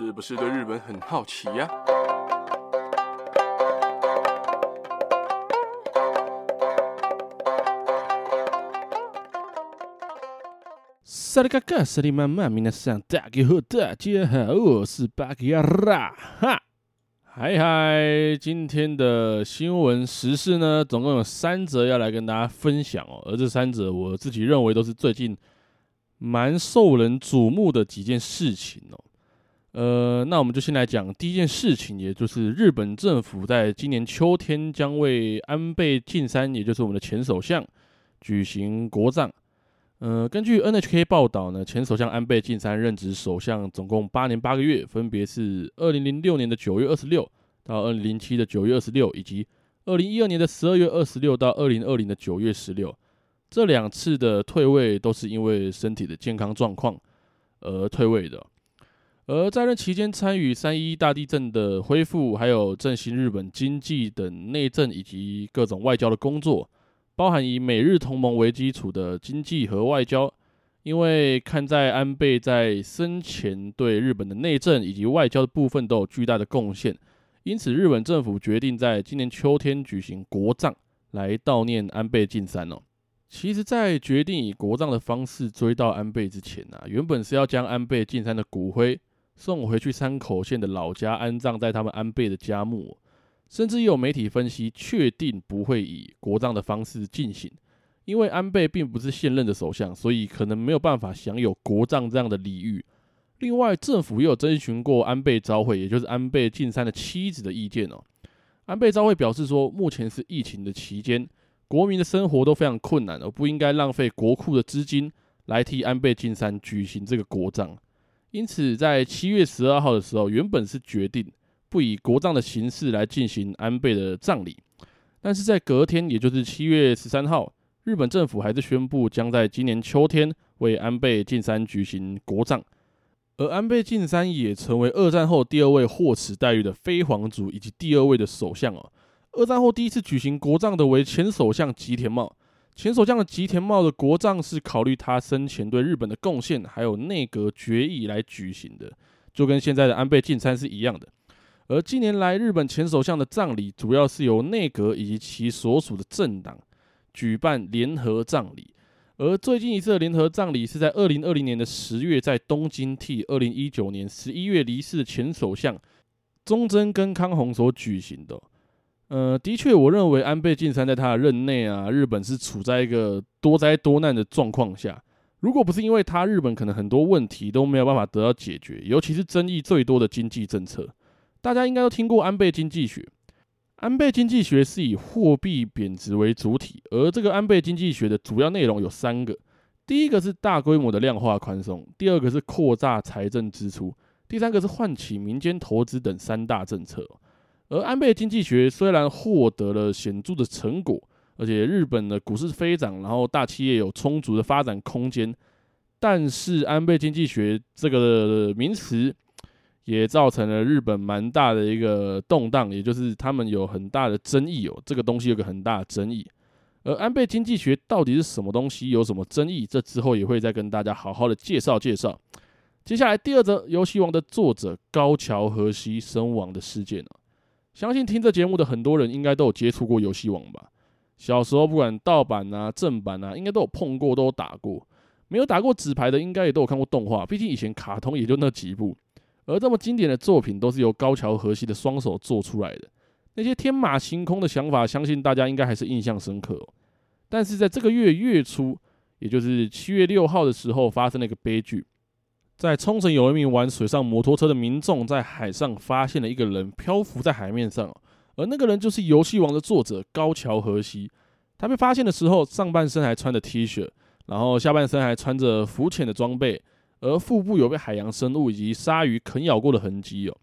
是不是對日本很好奇呀，啊？薩利哥薩利媽媽，明吶上大吉好，大家好，我是八吉亞拉哈，嗨嗨，今天的新聞時事呢，總共有三則要來跟大家分享哦，而這三則我自己認為都是最近蠻受人矚目的幾件事情哦。呃，那我們就先來講第一件事情，也就是日本政府在今年秋天將為安倍晉三，也就是我們的前首相，舉行國葬。呃，根據 NHK 報道呢，前首相安倍晉三任職首相總共八年八個月，分別是二零零六年的九月二十六到二零零七的九月二十六，以及二零一二年的十二月二十六到二零二零的九月十六。這兩次的退位都是因為身體的健康狀況而退位的。而在任期間，參與三一大地震的恢復，還有振興日本經濟等內政，以及各種外交的工作，包含以美日同盟為基礎的經濟和外交。因為看在安倍在生前對日本的內政以及外交的部分都有巨大的貢獻，因此日本政府決定在今年秋天舉行國葬，來悼念安倍晉三呢、哦。其實，在決定以國葬的方式追悼安倍之前啊，原本是要將安倍晉三的骨灰，送我回去山口縣的老家安葬在他們安倍的家墓，甚至也有媒體分析，確定不會以國葬的方式進行，因為安倍並不是現任的首相，所以可能沒有辦法享有國葬這樣的禮遇。另外，政府也有徵詢過安倍昭惠，也就是安倍晉三的妻子的意見哦。安倍昭惠表示說，目前是疫情的期間，國民的生活都非常困難，而不應該浪費國庫的資金來替安倍晉三舉行這個國葬。因此，在七月十二號的時候，原本是決定不以國葬的形式來進行安倍的葬禮，但是在隔天，也就是七月十三號，日本政府還是宣布將在今年秋天為安倍晉三舉行國葬，而安倍晉三也成為二戰後第二位獲此待遇的非皇族，以及第二位的首相哦、啊。二戰後第一次舉行國葬的為前首相吉田茂。前首相的吉田茂的國葬是考慮他生前對日本的貢獻，還有內閣決議來舉行的，就跟現在的安倍晉三是一樣的。而近年來，日本前首相的葬禮主要是由內閣以及其所屬的政黨舉辦聯合葬禮。而最近一次的聯合葬禮是在二零二零年的十月，在東京替二零一九年十一月離世的前首相中曾根康弘所舉行的。呃、嗯，的確，我認為安倍晉三在他的任內啊，日本是處在一個多災多難的狀況下。如果不是因為他，日本可能很多問題都沒有辦法得到解決，尤其是爭議最多的經濟政策。大家應該都聽過安倍經濟學，安倍經濟學是以貨幣貶值為主體，而這個安倍經濟學的主要內容有三個：第一個是大規模的量化寬鬆，第二個是擴大財政支出，第三個是喚起民間投資等三大政策。而安倍經濟學雖然獲得了顯著的成果，而且日本的股市飛漲，然後大企業有充足的發展空間，但是安倍經濟學這個名詞也造成了日本蠻大的一個動盪，也就是他們有很大的爭議哦。這個東西有個很大的爭議。而安倍經濟學到底是什麼東西，有什麼爭議？這之後也會再跟大家好好的介紹介紹。接下來第二則遊戲王的作者高橋和希身亡的事件、哦相信聽這節目的很多人應該都有接觸過遊戲王吧，小時候不管盜版啊、正版啊，應該都有碰過、都有打過。沒有打過紙牌的，應該也都有看過動畫，畢竟以前卡通也就那幾部。而這麼經典的作品，都是由高橋和希的雙手做出來的。那些天馬行空的想法，相信大家應該還是印象深刻哦。但是在這個月月初，也就是七月六號的時候，發生了一個悲劇。在沖繩，有一名玩水上摩托車的民眾在海上發現了一個人漂浮在海面上，而那個人就是《遊戲王》的作者高橋和希。他被發現的時候，上半身還穿着 T 恤，然後下半身還穿着浮潛的裝備，而腹部有被海洋生物以及鯊魚啃咬過的痕跡哦。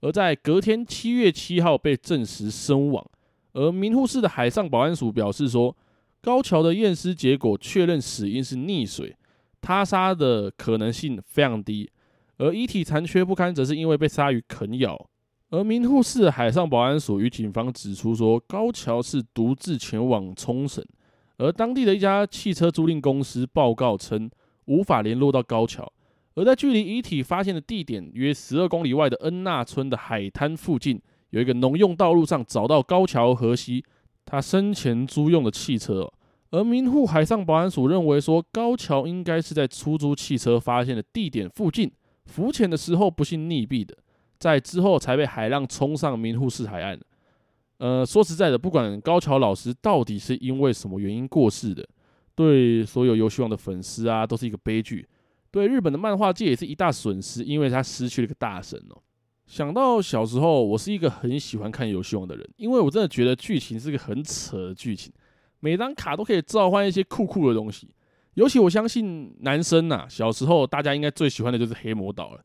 而在隔天七月七號被證實身亡，而名護市的海上保安署表示說，高橋的驗屍結果確認死因是溺水。他殺的可能性非常低，而遺體殘缺不堪，則是因為被鯊魚啃咬。而名護市海上保安所與警方指出說，高橋是獨自前往沖繩，而當地的一家汽車租賃公司報告稱無法聯絡到高橋。而在距離遺體發現的地點約十二公里外的恩納村的海灘附近，有一個農用道路上找到高橋和希，他生前租用的汽車。而名護海上保安署認為說，高橋應該是在出租汽車發現的地點附近浮潛的時候不幸溺斃的，在之後才被海浪衝上名護市海岸。呃，說實在的，不管高橋老師到底是因為什麼原因過世的，對所有遊戲王的粉絲啊都是一個悲劇，對日本的漫畫界也是一大損失，因為他失去了一個大神哦、喔。想到小時候，我是一個很喜歡看遊戲王的人，因為我真的覺得劇情是個很扯的劇情。每張卡都可以召喚一些酷酷的東西，尤其我相信男生吶、啊，小時候大家應該最喜歡的就是黑魔導了。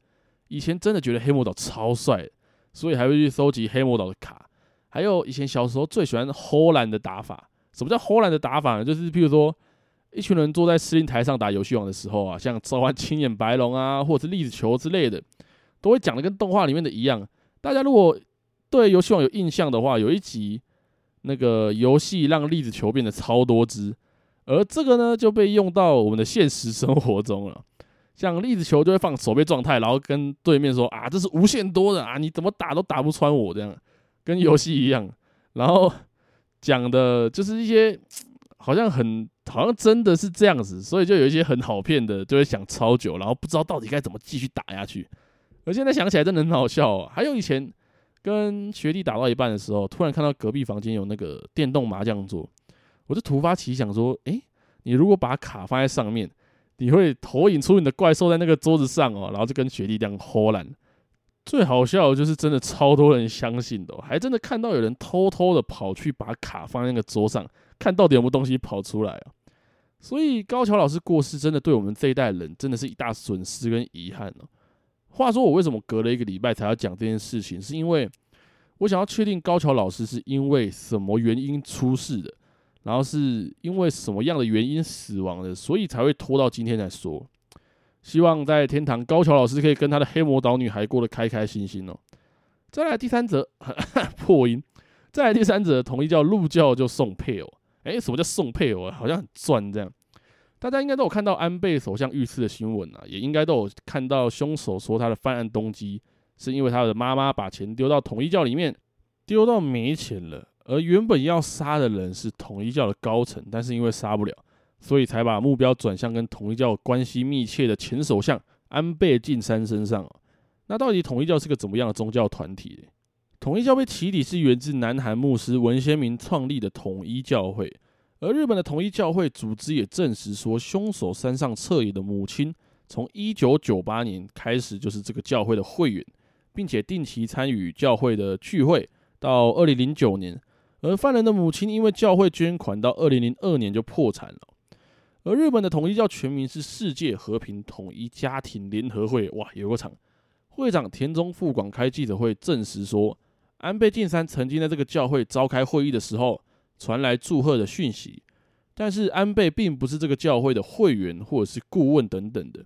以前真的覺得黑魔導超帥，所以還會去收集黑魔導的卡。還有以前小時候最喜歡荷蘭的打法，什麼叫荷蘭的打法呢？就是比如說一群人坐在司令台上打遊戲王的時候啊，像召喚青眼白龍啊，或者是粒子球之類的，都會講的跟動畫裡面的一樣。大家如果對遊戲王有印象的話，有一集。那個遊戲讓栗子球變得超多隻，而這個呢，就被用到我們的現實生活中了。像栗子球就會放守備狀態，然後跟對面說啊，這是無限多的啊，你怎麼打都打不穿我這樣，跟遊戲一樣。然後講的就是一些好像很好像真的是這樣子，所以就有一些很好騙的就會想超久，然後不知道到底該怎麼繼續打下去。而現在想起來真的很好笑啊、喔，還有以前。跟學弟打到一半的時候，突然看到隔壁房間有那個電動麻將桌，我就突發奇想說，哎、欸，你如果把卡放在上面，你會投影出你的怪獸在那個桌子上哦，然後就跟學弟這樣唬爛。最好笑的就是真的超多人相信的哦，還真的看到有人偷偷的跑去把卡放在那個桌上，看到底有沒有東西跑出來啊。所以高橋老師過世，真的對我們這一代人真的是一大損失跟遺憾哦。話說我為什麼隔了一個禮拜才要講這件事情？是因為我想要確定高橋老師是因為什麼原因出事的，然後是因為什麼樣的原因死亡的，所以才會拖到今天來說。希望在天堂高橋老師可以跟他的黑魔導女孩過得開開心心哦。再來第三者呵呵破音，再來第三者統一教入教就送配偶，哎、欸，什麼叫送配偶啊？好像很賺這樣。大家應該都有看到安倍首相遇刺的新聞啊，也應該都有看到兇手說他的犯案動機是因為他的媽媽把錢丟到統一教裡面，丟到沒錢了，而原本要殺的人是統一教的高層，但是因為殺不了，所以才把目標轉向跟統一教關係密切的前首相安倍晉三身上啊。那到底統一教是個怎麼樣的宗教團體？統一教被起底是源自南韓牧師文鮮明創立的統一教會。而日本的統一教會組織也證實說，凶手山上徹也的母親從一九九八年開始就是這個教會的會員，並且定期參與教會的聚會，到二零零九年。而犯人的母親因為教會捐款，到二零零二年就破產了。而日本的統一教全名是世界和平統一家庭聯合會，哇，有個長會長田中富廣開記者會證實說，安倍晉三曾經在這個教會召開會議的時候。傳來祝賀的訊息，但是安倍並不是這個教會的會員或者是顧問等等的。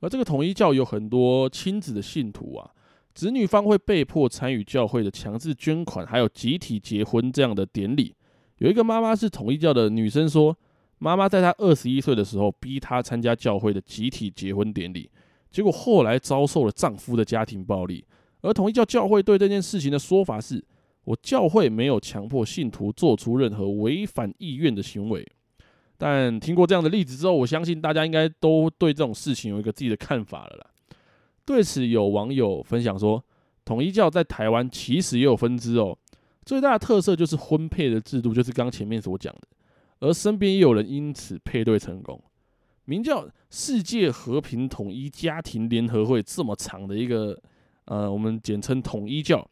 而這個統一教有很多親子的信徒啊，子女方會被迫參與教會的強制捐款，還有集體結婚這樣的典禮。有一個媽媽是統一教的女生說，媽媽在她二十一歲的時候逼她參加教會的集體結婚典禮，結果後來遭受了丈夫的家庭暴力。而統一教教會對這件事情的說法是。我教會沒有強迫信徒做出任何違反意願的行為，但聽過這樣的例子之後，我相信大家應該都對這種事情有一個自己的看法了啦。對此，有網友分享說，統一教在台灣其實也有分支哦，最大的特色就是婚配的制度，就是剛前面所講的，而身邊也有人因此配對成功。名叫世界和平統一家庭聯合會這麼長的一個，呃，我們簡稱統一教。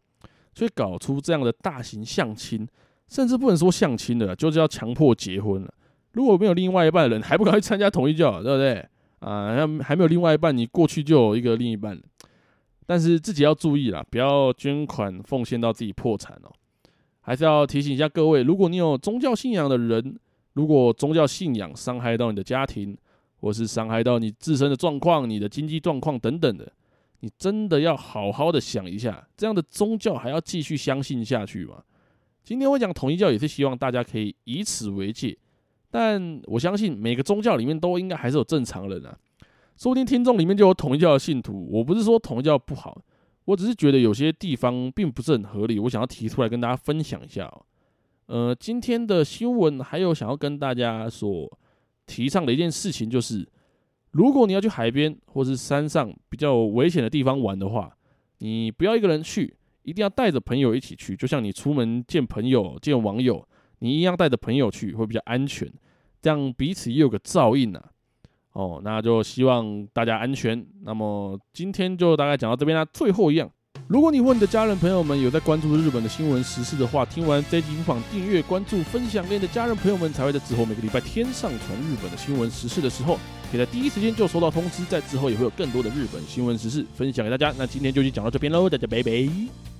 所以搞出這樣的大型相親，甚至不能說相親的，就是要強迫結婚了。如果沒有另外一半的人，還不趕快參加統一教，對不對？啊，還還沒有另外一半，你過去就有一個另一半，但是自己要注意啦，不要捐款奉獻到自己破產哦、喔。還是要提醒一下各位，如果你有宗教信仰的人，如果宗教信仰傷害到你的家庭，或是傷害到你自身的狀況、你的經濟狀況等等的。你真的要好好的想一下，這樣的宗教還要繼續相信下去嗎？今天我講統一教也是希望大家可以以此為戒，但我相信每個宗教裡面都應該還是有正常人啊，說不定聽眾裡面就有統一教的信徒。我不是說統一教不好，我只是覺得有些地方並不是很合理，我想要提出來跟大家分享一下哦。呃，今天的新聞還有想要跟大家所提倡的一件事情就是。如果你要去海邊或是山上比較危險的地方玩的話，你不要一個人去，一定要帶着朋友一起去。就像你出門見朋友、見網友，你一樣帶着朋友去會比較安全，這樣彼此也有個照應啊。哦，那就希望大家安全。那麼今天就大概講到這邊啦，那最後一樣。如果你和你的家人朋友們有在關注日本的新聞時事的話，聽完這集不妨訂閱、關注、分享給你的家人朋友們，才會在之後每個禮拜天上傳日本的新聞時事的時候，可以在第一時間就收到通知。在之後也會有更多的日本新聞時事分享給大家。那今天就先講到這邊嘍，大家拜拜。